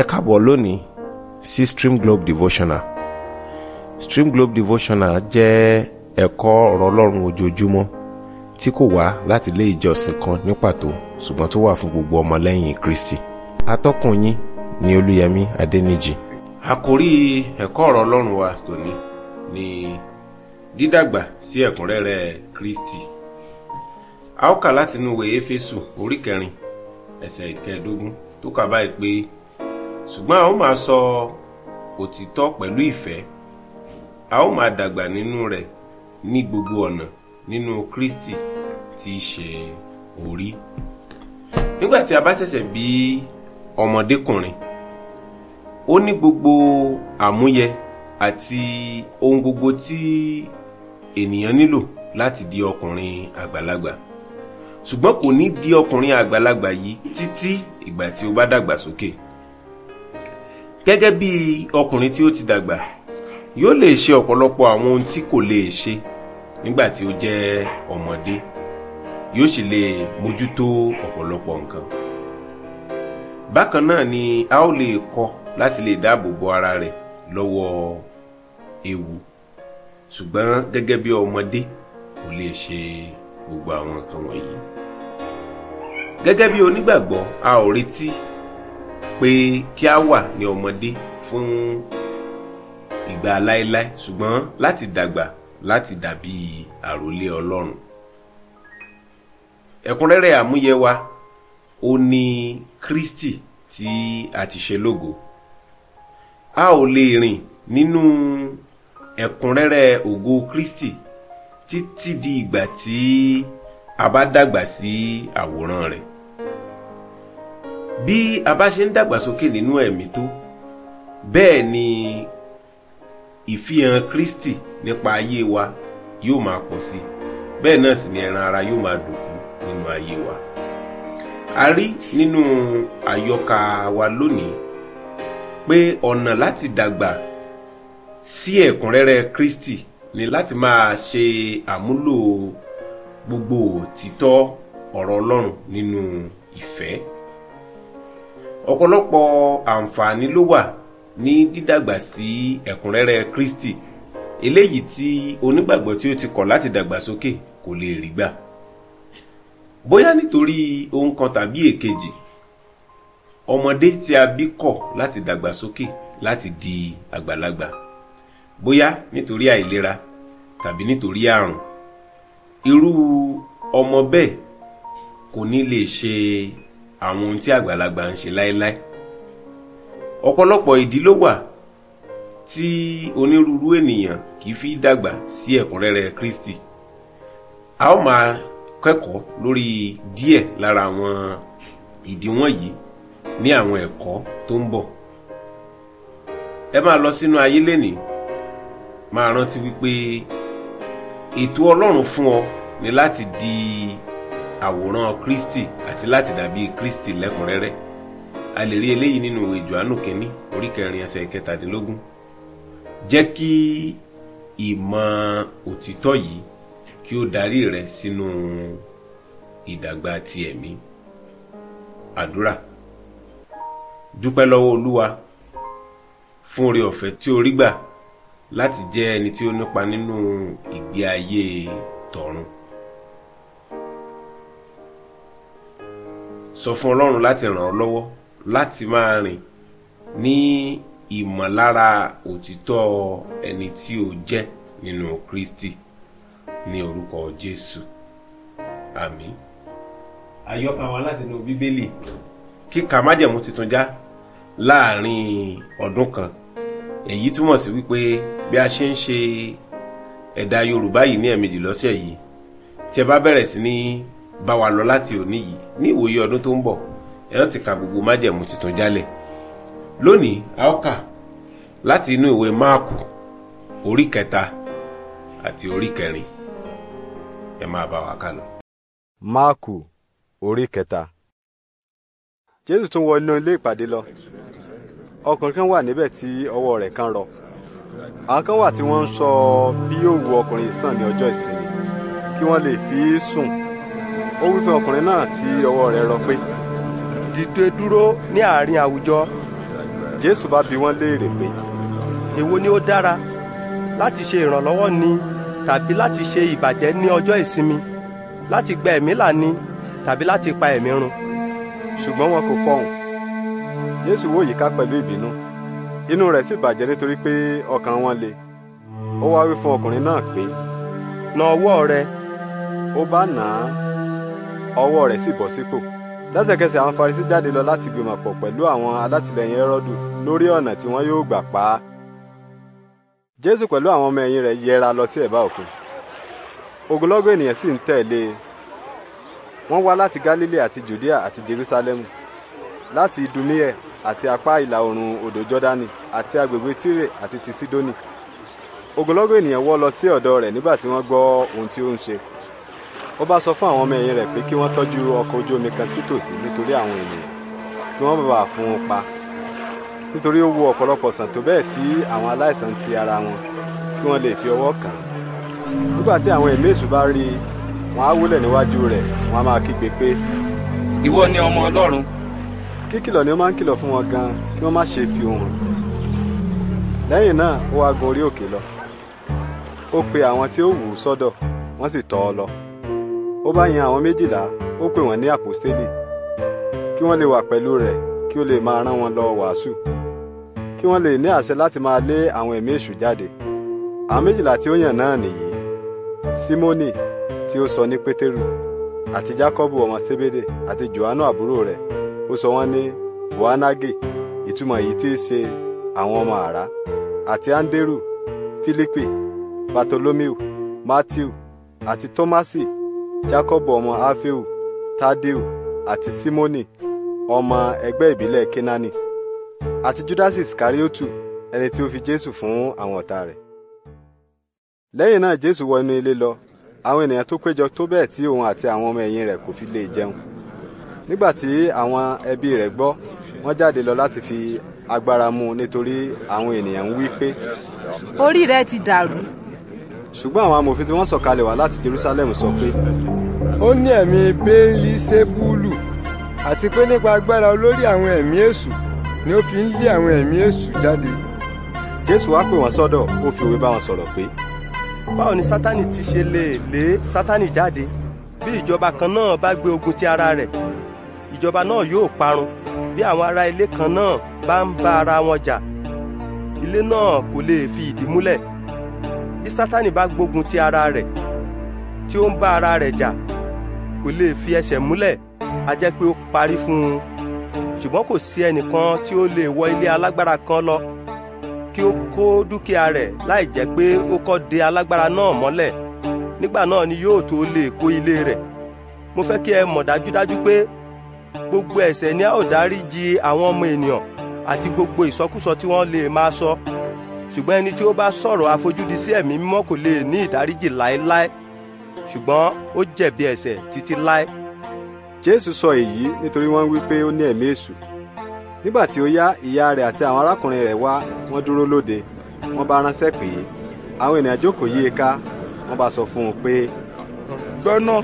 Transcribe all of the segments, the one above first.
ẹ káàbọ̀ lónìí sí stream globe devotional stream globe devotional jẹ́ ẹ̀kọ́ ọ̀rọ̀ ọlọ́run ojoojúmọ́ tí kò wá láti ilé ìjọsìn kan ní pàtó ṣùgbọ́n tó wà fún gbogbo ọmọlẹ́yìn kristi atọ́kùn yín ni olúyẹmí adẹ́nìjì. àkòrí ẹ̀kọ́ ọ̀rọ̀ ọlọ́run wa tòní ni dídàgbà sí ẹ̀kúnrẹ́rẹ́ kristi a ó kà látinú ìwé éfésù orí kẹrin ẹsẹ̀ ìkẹẹ̀dógún tó kà báyìí pé ṣùgbọ́n a ó máa sọ òtítọ́ pẹ̀lú ìfẹ́ a ó máa dàgbà nínú rẹ̀ ní gbogbo ọ̀nà nínú Kristi tí í ṣe orí nígbà tí a bá ṣẹ̀ṣẹ̀ bí ọmọdékùnrin ó ní gbogbo àmúyẹ àti ohun gbogbo tí ènìyàn nílò láti di ọkùnrin àgbàlagbà ṣùgbọ́n kò ní di ọkùnrin àgbàlagbà yìí títí ìgbà tí ó bá dàgbà sókè. So gẹ́gẹ́ bí ọkùnrin tí ó ti dàgbà yóò lè ṣe ọ̀pọ̀lọpọ̀ àwọn ohun tí kò lè ṣe nígbà tí ó jẹ́ ọmọdé yóò sì lè mójútó ọ̀pọ̀lọpọ̀ nǹkan bákan náà ni a ó lè kọ́ láti lè dáàbò bo ara rẹ̀ lọ́wọ́ ewu ṣùgbọ́n gẹ́gẹ́ bí ọmọdé kò lè ṣe gbogbo àwọn nǹkan wọ̀nyí gẹ́gẹ́ bí onígbàgbọ́ a ò retí pé kí a wà ní ọmọdé fún ìgbà láéláé ṣùgbọ́n láti dàgbà láti dàbí àròlé Ọlọ́run ẹ̀kúnrẹ́rẹ́ àmúyẹ wa ó ní Kristi tí a ti ṣe lógo a ò lè rìn nínú ẹ̀kúnrẹ́rẹ́ ògo Kristi títí di ìgbà tí a bá dàgbà sí àwòrán rẹ̀ bí a bá ṣe ń dàgbàsókè nínú ẹ̀mí tó bẹ́ẹ̀ ni ìfihàn Kristi nípa ayé wa yóò máa pọ̀ sí bẹ́ẹ̀ náà sì ni ẹran ara yóò máa dòkú nínú ayé wa a rí nínú àyọkà wa lónìí pé ọ̀nà láti dàgbà sí ẹ̀kúnrẹ́rẹ́ Kristi ni láti máa ṣe àmúlò gbogbo òtítọ́ ọ̀rọ̀ Ọlọ́run nínú ìfẹ́ ọ̀pọ̀lọpọ̀ àǹfààní ló wà ní dídàgbà sí ẹ̀kúnrẹ́rẹ́ Kristi eléyìí tí onígbàgbọ́ tí ó ti kọ̀ láti dàgbàsókè kò lè rí gbà bóyá nítorí ohun kan tàbí èkejì ọmọdé tí a bí kọ̀ láti dàgbàsókè láti di àgbàlagbà bóyá nítorí àìlera tàbí nítorí àrùn irú ọmọ bẹ́ẹ̀ kò ní lè ṣe àwọn ohun tí àgbàlagbà ń ṣe láéláé ọ̀pọ̀lọpọ̀ ìdí ló wà tí onírúurú ènìyàn kì í fi dàgbà sí ẹ̀kúnrẹ́rẹ́ Kristi a ó máa kẹ́kọ̀ọ́ lórí díẹ̀ lára àwọn ìdí wọ̀nyí ní àwọn ẹ̀kọ́ tó ń bọ̀ ẹ máa lọ sínú ayé lénìí máa rántí wípé ètò Ọlọ́run fún ọ ni láti di àwòrán Kristi àti láti dàbí Kristi lẹ́kùnrẹ́rẹ́ a lè rí eléyìí nínú ìwé Jòhánù kínní orí kẹrin ẹsẹ̀ kẹtàdínlógún jẹ́ kí ìmọ̀ òtítọ́ yìí kí ó darí rẹ sínú ìdàgbà ti ẹ̀mí àdúrà dúpẹ́ lọ́wọ́ Olúwa fún oore ọ̀fẹ́ tí o rí gbà láti jẹ́ ẹni tí ó nípa nínú ìgbé ayé tọ̀run sọ fún ọlọ́run láti ràn ọ́ lọ́wọ́ láti máa rìn ní ìmọ̀lára òtítọ́ ẹni tí o jẹ́ nínú Kristi ní orúkọ Jésù àmín. àyọkà wa láti inú bíbélì kíka májẹ̀mú tuntun já láàrin ọdún kan èyí túmọ̀ sí wípé bí a ṣe ń ṣe ẹ̀dà Yorùbá yìí ní ẹ̀mejì lọ́sẹ̀ yìí tí ẹ bá bẹ̀rẹ̀ sí ní bá wa lọ láti òní yìí ní ìwòye ọdún tó ń bọ̀ ẹ rántí ka gbogbo májẹ̀mú tuntun jálẹ̀ lónìí a ó kà láti inú ìwé máàkù orí kẹta àti orí kẹrin ẹ máa bá wa kà lọ. máàkù orí kẹta jésù tún wọ inú ilé ìpàdé lọ ọkùnrin kan wà níbẹ̀ tí ọwọ́ rẹ̀ kan rọ àwọn kan wà tí wọ́n ń sọ bí yóò wu ọkùnrin sàn ní ọjọ́ ìsinmi kí wọ́n lè fi sùn ó wí fún ọkùnrin náà tí ọwọ́ rẹ̀ rọ pé. dìde dúró ní àárín àwùjọ. jésù bá bi wọ́n léèrè pé. èwo ni ó dára láti ṣe ìrànlọ́wọ́ ni tàbí láti ṣe ìbàjẹ́ ní ọjọ́ ìsinmi láti gba ẹ̀mí là ni tàbí láti pa ẹ̀mí run ṣùgbọ́n wọn kò fọhùn jésù wò yíká pẹ̀lú ìbínú inú rẹ̀ sì bàjẹ́ nítorí pé ọkàn wọn le ó wá wí fún ọkùnrin náà pé na ọwọ́ rẹ ó bá nà á ọwọ́ rẹ̀ sì bọ̀ sípò lẹ́sẹ̀kẹsẹ̀ àwọn Farisí jáde lọ láti gbìmọ̀ pọ̀ pẹ̀lú àwọn alátìlẹyìn Hẹ́rọ́dù lórí ọ̀nà tí wọ́n yóò gbà pa á Jésù pẹ̀lú àwọn ọmọ ẹ̀yìn rẹ̀ yẹra lọ sí ẹ̀bá òkun ogunlọ́gọ̀ ènìyàn sì ń tẹ̀lé e wọ́n wá láti Gálílì àti Jùdíà àti Jerúsálẹ́mù láti Idumíẹ̀ àti apá ìlà oòrùn odò Jọ́dánì àti agbègbè Tírè àti ti Sídónì ogunlọ́gọ̀ ènìyàn wọ́ lọ sí ọ̀dọ̀ rẹ̀ nígbà tí wọ́n gbọ́ ohun tí ó ń ṣe ó bá sọ fún àwọn ọmọ ẹ̀yìn rẹ̀ pé kí wọ́n tọ́jú ọkọ̀ ojú omi kan sítòsí nítorí àwọn ènìyàn kí wọ́n bàbà fún un pa nítorí ó wo ọ̀pọ̀lọpọ̀ sàn tó bẹ́ẹ̀ tí àwọn aláìsàn ti ara wọn kí wọ́n lè fi ọwọ́ kàn án nígbà tí àwọn ẹ̀mí èṣù bá rí i wọ́n á wólẹ̀ níwájú rẹ̀ wọ́n á máa kígbe pé. ìwọ ni ọmọ ọlọ́run. kíkìlọ̀ ni ó máa ń kìlọ̀ fún wọn gan kí wọ́n má ṣe fi ohùn. lẹ́yìn náà ó wá gun orí òkè lọ ó pe àwọn tí ó wù ú sọ́dọ̀ wọ́n sì tọ́ ọ lọ ó bá yan àwọn méjìlá ó pè wọ́n ní àpòstélì kí wọ́n lè wà pẹ̀lú rẹ̀ kí ó lè máa rán wọn lọ wàásù kí wọ́n lè ní àṣẹ láti máa lé àwọn ẹ̀mí èṣù jáde àwọn méjìlá tí ó yàn náà nìyí símónì tí ó sọ ní pétérù àti jákọ́bù ọmọ sébédè àti jòhánù àbúrò rẹ̀ ó sọ wọ́n ní boanage ìtumọ̀ èyí tí í ṣe àwọn ọmọ àrá àti anderu filipi bartolomeu matthew àti Thomasi jacob ọmọ alfeu tadeu àti simoni ọmọ ẹgbẹ́ ìbílẹ̀ kenani àti judas iskariotu ẹni tí ó fi jésù fún àwọn ọ̀tá rẹ̀ lẹ́yìn náà jésù wọ inú ilé lọ àwọn ènìyàn tó péjọ tó bẹ́ẹ̀ tí òun àti àwọn ọmọ ẹ̀yìn rẹ̀ kò fi lè jẹun nígbà tí àwọn ẹbí rẹ̀ gbọ́ wọ́n jáde lọ láti fi agbára mú nítorí àwọn ènìyàn ń wí pé. orí rẹ ti dàrú ṣùgbọ́n àwọn amòfin tí wọ́n sọ̀kalẹ̀ wá láti Jerusalem sọ pé. ó ní ẹ̀mí bẹ́ẹ̀lì sẹ́búlù àti pé nípa agbára olórí àwọn ẹ̀mí èṣù ni ó fi ń lé àwọn ẹ̀mí èṣù jáde. Jésù wá pè wọ́n sọ́dọ̀ ó fi òwe bá wọn sọ̀rọ̀ pé. báwo ni Sátánì ti ṣe lè lé Sátánì jáde bí ìjọba kan náà bá gbé ogun ti ara rẹ̀ ìjọba náà yóò parun bí àwọn ará ilé kan náà bá ń bá ara wọn jà ilé náà kò lè fi ìdí múlẹ̀ bí sátani bá gbógun ti ara rẹ̀ tí ó ń bá ara rẹ̀ jà kò lè fi ẹsẹ̀ múlẹ̀ a jẹ́ pé ó parí fún un ṣùgbọ́n kò sí ẹnìkan tí ó lè wọ ilé alágbára kan lọ kí ó kó dúkìá rẹ̀ láì jẹ́ pé ó kọ́ de alágbára náà mọ́lẹ̀ nígbà náà ni yóò tó lè kó ilé rẹ̀ mo fẹ́ kí ẹ mọ̀ dájúdájú pé gbogbo ẹ̀ṣẹ̀ ni a ó dáríjì àwọn ọmọ ènìyàn àti gbogbo ìsọkúsọ tí wọ́n lè máa sọ. So ṣùgbọ́n ẹni tí ó bá sọ̀rọ̀ àfojúdi sí ẹ̀mí mímọ́ kò lè ní ìdáríjì láéláé ṣùgbọ́n ó jẹ̀bi ẹ̀ṣẹ̀ títí láé. jésù sọ èyí nítorí wọ́n wí pé ó ní ẹ̀mí èṣù nígbà tí ó yá ìyá rẹ̀ àti àwọn arákùnrin rẹ̀ wá wọ́n dúró lóde wọ́n bá ránṣẹ́ pé àwọn ènìyàn jókòó yí i ká bá sọ fún un pé. gbọ́nà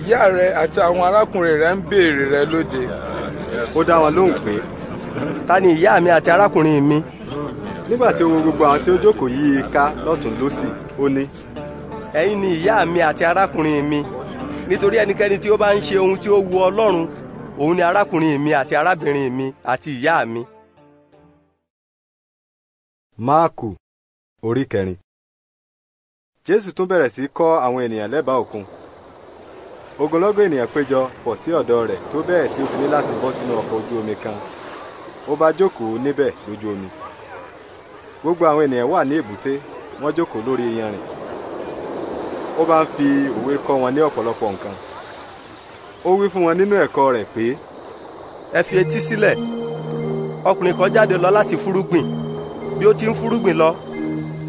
ìyá rẹ̀ àti àwọn arákùnrin rẹ̀ ń béèrè rẹ̀ lóde. ó dá wọn lóhùn pé. ta ni ìyá mi àti arákùnrin mi nígbà tí ó wo gbogbo àwọn tí ó jókòó yí i ká lọ́tún lọ́sì ó ní. ẹ̀yin ni ìyá mi àti arákùnrin mi nítorí ẹnikẹ́ni tí ó bá ń ṣe ohun tí ó wu ọlọ́run òun ni arákùnrin mi àti arábìnrin mi àti ìyá mi. máàkù orí kẹrin jésù tún bẹ̀rẹ̀ sí kọ́ àwọn ènìyàn lẹ́bàá òkun ogunlọ́gọ̀ ènìyàn péjọ pọ̀ sí ọ̀dọ̀ rẹ̀ tó bẹ́ẹ̀ tí ó fi ní láti bọ́ sínú ọkọ̀ ojú omi kan ó bá jókòó níbẹ̀ lójú omi gbogbo àwọn ènìyàn wà ní èbúté wọ́n jókòó lórí iyanrìn ó bá ń fi òwe kọ́ wọn ní ọ̀pọ̀lọpọ̀ nǹkan ó wí fún wọn nínú ẹ̀kọ́ rẹ̀ pé. ẹ fi etí sílẹ̀ ọkùnrin kan jáde lọ láti fúrúgbìn bí ó ti ń fúrúgbìn lọ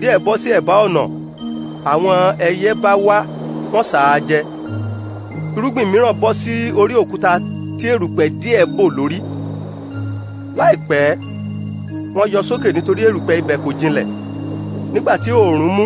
díẹ̀ bọ́ sí ẹ̀bá ọ̀nà àwọn ẹyẹ bá wá wọ́n sà jẹ irúgbìn mìíràn bọ́ sí orí òkúta tí erùpẹ̀ díẹ̀ bò lórí láìpẹ́ wọ́n yọ sókè nítorí erùpẹ̀ ibẹ̀ kò jinlẹ̀ nígbà tí oòrùn mú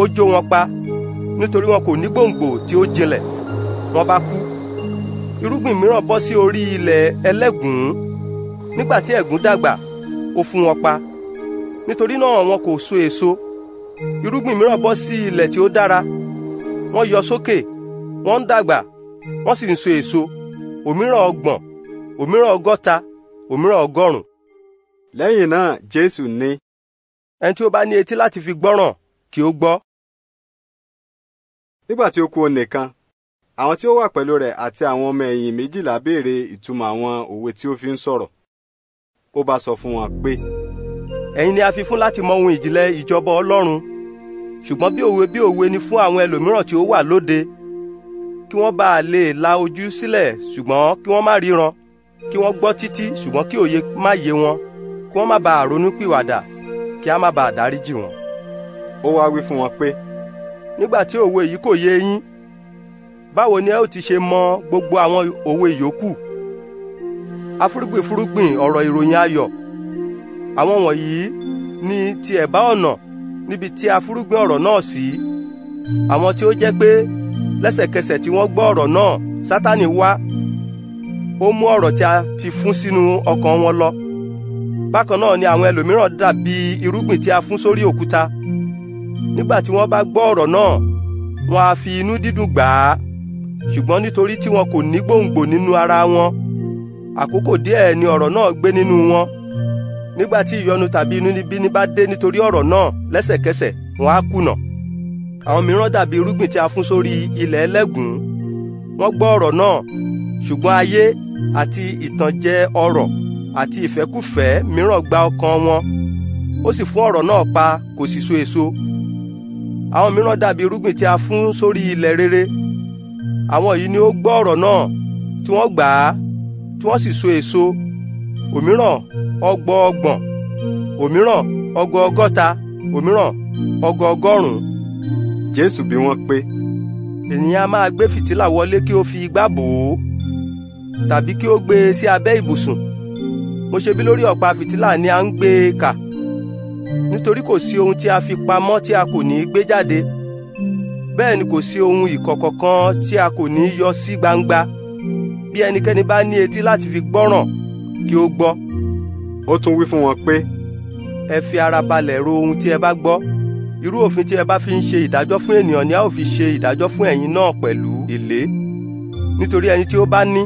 ó jó wọn pa nítorí wọn kò ní gbòǹgbò tí ó jinlẹ̀ wọ́n bá kú irúgbìn mìíràn bọ́ sí orí ilẹ̀ ẹlẹ́gùn nígbà tí ẹ̀gún dàgbà ó fún wọn pa nítorí náà wọn kò so èso irúgbìn mìíràn bọ́ sí ilẹ̀ tí ó dára wọ́n yọ sókè wọ́n ń dàgbà wọ́n sì ń so èso òmíràn ọgbọ̀n òmíràn ọgọ́ta òmíràn ọgọ́rùn lẹ́yìn náà jésù ní. ẹni tí ó bá ní etí láti fi gbọ́ràn kí ó gbọ́. nígbà tí ó kú nìkan àwọn tí ó wà pẹ̀lú rẹ̀ àti àwọn ọmọ ẹ̀yìn méjìlá béèrè ìtumọ̀ àwọn òwe tí ó fi ń sọ̀rọ̀ ó bá sọ fún wọn pé. ẹ̀yin ni a fi fún láti mọ ohun ìjìnlẹ̀ ìjọba ọlọ́run ṣùgbọ́n bí òwe bí òwe ni fún àwọn ẹlòmíràn tí ó wà lóde kí wọ́n bá a lè la ojú sílẹ̀ ṣùgbọ́n kí wọ́n má ríran kí wọ́n gbọ́ títí ṣùgbọ́n kí òye má yé wọn kí wọ́n má bàa ronúpìwàdà kí a má bàa dáríjì wọn. ó wá wí fún wọn pé. nígbà tí òwe yìí kò yé yín báwo ni ẹ ó ti ṣe mọ gbogbo àwọn òwe yòókù afúrúgbìn fúrúgbìn ọ̀rọ̀ ìròyìn ayọ̀ àwọn wọ̀nyí ni ti ẹ̀bá ọ̀nà níbi tí afúrúgbìn ọ̀rọ̀ náà sí àwọn tí ó jẹ́ pé lẹ́sẹ̀kẹsẹ̀ tí wọ́n gbọ́ ọ̀rọ̀ náà Sátánì wá ó mú ọ̀rọ̀ tí a ti fún sínú ọkàn wọn lọ bákan náà ni àwọn ẹlòmíràn dàbí irúgbìn tí a fún sórí òkúta nígbà tí wọ́n bá gbọ́ ọ̀rọ̀ náà wọ́n á fi inú dídùn gbà á ṣùgbọ́n nítorí tí wọn kò ní gbòǹgbò nínú ara wọn àkókò díẹ̀ ni ọ̀rọ̀ náà gbé nínú wọn nígbà tí ìyọnu tàbí inúnibíni bá dé nítorí ọ̀rọ̀ náà lẹ́sẹ̀kẹsẹ̀ wọ́n á kùnà àwọn mìíràn dàbí irúgbìn tí a fún sórí ilẹ̀ ẹlẹ́gùn wọ́n gbọ́ ọ̀rọ̀ náà ṣùgbọ́n ayé àti ìtànjẹ ọrọ̀ àti ìfẹ́kùfẹ́ mìíràn gba ọkàn wọn ó sì fún ọ̀rọ̀ náà pa kò sì so èso àwọn mìíràn dàbí irúgbìn tí a fún sórí ilẹ̀ rere àwọn yìí ni ó gbọ́ ọ̀rọ̀ náà tí wọ́n gbà á tí wọ́n sì so èso òmíràn ọgbọọgbọ̀n òmíràn ọgọọgọ́ta òmíràn ọgọọgọ́rùn-ún. Jésù bí wọ́n pé. ènìyàn a máa gbé fìtílà wọlé kí ó fi igbá bò ó tàbí kí ó gbé e sí abẹ́ ìbùsùn mo ṣe bí lórí ọ̀pá fìtílà ni a ń gbé e kà nítorí kò sí ohun tí a fi pamọ́ tí a kò ní í gbé jáde bẹ́ẹ̀ ni kò sí ohun ìkọ̀kọ̀ kan tí a kò ní í yọ sí gbangba bí ẹnikẹ́ni bá ní etí láti fi gbọ́ràn kí ó gbọ́. ó tún wí fún wọn pé. ẹ fi ara balẹ̀ ro ohun tí ẹ bá gbọ́ irú òfin tí ẹ bá fi ń ṣe ìdájọ́ fún ènìyàn ni a ó fi ṣe ìdájọ́ fún ẹ̀yin náà pẹ̀lú èlé nítorí ẹni tí ó bá ní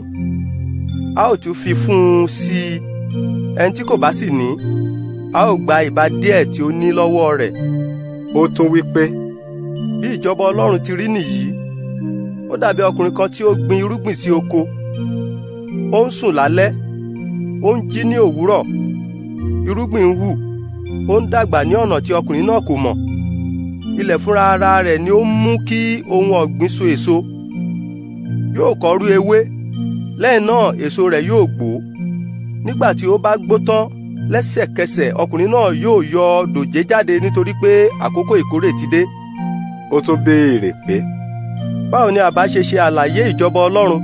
a ó tún fi fún un sí i ẹni tí kò bá sì ní a ó gba ìbá díẹ̀ tí ó ní lọ́wọ́ rẹ̀. ó tún wí pé bí ìjọba ọlọ́run ti rí nìyí ó dàbí ọkùnrin kan tí ó gbin irúgbìn sí oko ó ń sùn lálẹ́ ó ń jí ní òwúrọ̀ irúgbìn ń hù ó ń dàgbà ní ọ̀nà tí ọkùnrin náà kò mọ̀ ilẹ̀ fúnra ara rẹ̀ ni ó ń mú kí ohun ọ̀gbìn so èso yóò kọ́ rú ewé lẹ́yìn náà èso rẹ̀ yóò gbó nígbà tí ó bá gbó tán lẹ́sẹ̀kẹsẹ̀ ọkùnrin náà yóò yọ dòjé jáde nítorí pé àkókò ìkórè ti dé. ó tún béèrè pé. báwo ni àbá ṣe ṣe àlàyé ìjọba ọlọ́run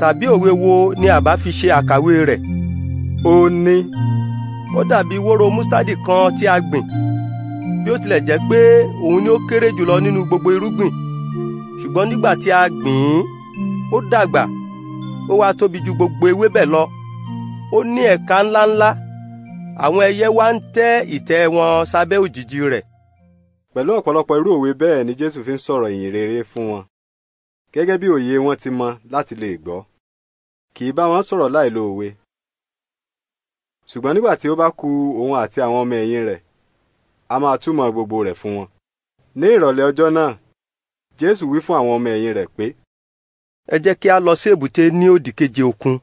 tàbí òwe wo ni àbá fi ṣe àkàwé rẹ̀. ó ní. ó dàbí wóró mustadi kan tí a gbìn bí ó tilẹ̀ jẹ́ pé òun ni ó kéré jùlọ nínú gbogbo irúgbìn ṣùgbọ́n nígbà tí a gbìn ín ó dàgbà ó wá tóbi ju gbogbo ewébẹ̀ lọ ó ní ẹ̀ka ńláńlá àwọn ẹyẹ wá ń tẹ́ ìtẹ́ wọn sábẹ́ òjìji rẹ̀. pẹ̀lú ọ̀pọ̀lọpọ̀ irú òwe bẹ́ẹ̀ ni jésù fi ń sọ̀rọ̀ ìyìn rere fún wọn gẹ́gẹ́ bí òye wọn ti mọ láti lè gbọ́ kì í bá wọn sọ̀rọ̀ láì lo òwe ṣùgbọ́n nígbà tí ó bá ku òun àti àwọn ọmọ ẹ̀yìn rẹ̀ a máa túmọ̀ gbogbo rẹ̀ fún wọn. ní ìrọ̀lẹ́ ọjọ́ náà jésù wí fún àwọn ọmọ ẹ̀yìn rẹ̀ pé. ẹ jẹ́ kí a lọ sí èbúté ní òdìkejì òkun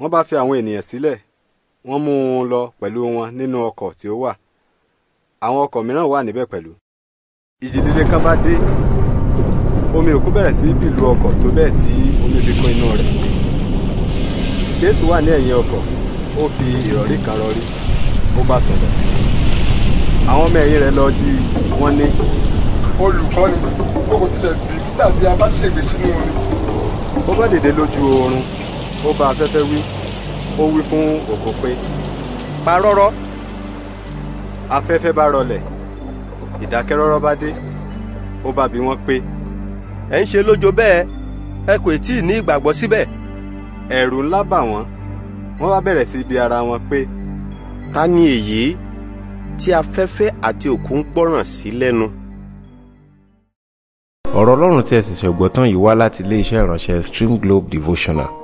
wọ́n bá fi àwọn ènìyàn sílẹ̀ wọ́n mú un lọ pẹ̀lú wọn nínú ọkọ̀ tí ó wà àwọn ọkọ̀ mìíràn wà níbẹ̀ pẹ̀lú ìjì líle kan bá dé omi òkun bẹ̀rẹ̀ sí bì lu ọkọ̀ tó bẹ́ẹ̀ tí omi fi kún inú rẹ̀ jésù wà ní ẹ̀yìn ọkọ̀ ó fi ìrọ̀rí kan rọrí ó bá sùn lọ àwọn ọmọ ẹ̀yìn rẹ̀ lọ jí wọ́n ní. olùkọ́ni o kò tilẹ̀ bìkítà bí a bá ṣègbè sínú omi. ó bá dìde lójú oorun ó bá afẹ́fẹ́ wí ó wí fún òkò pé pa rọ́rọ́ afẹ́fẹ́ bá rọlẹ̀ ìdákẹ́rọ́rọ́ bá dé ó bá bi wọ́n pé. ẹ ń ṣe lójo bẹ́ẹ̀ ẹ kò tí ì ní ìgbàgbọ́ síbẹ̀. ẹ̀rù ńlá bà wọ́n wọ́n bá bẹ̀rẹ̀ sí bi ara wọn pé. ta ni èyí tí afẹ́fẹ́ àti òkú ń gbọ́ràn sí lẹ́nu. ọ̀rọ̀ ọlọ́run tí ẹ sì ṣẹ̀gbọ́n tán yìí wá láti iléeṣẹ́ ìránṣẹ́ Stream Globe Devotional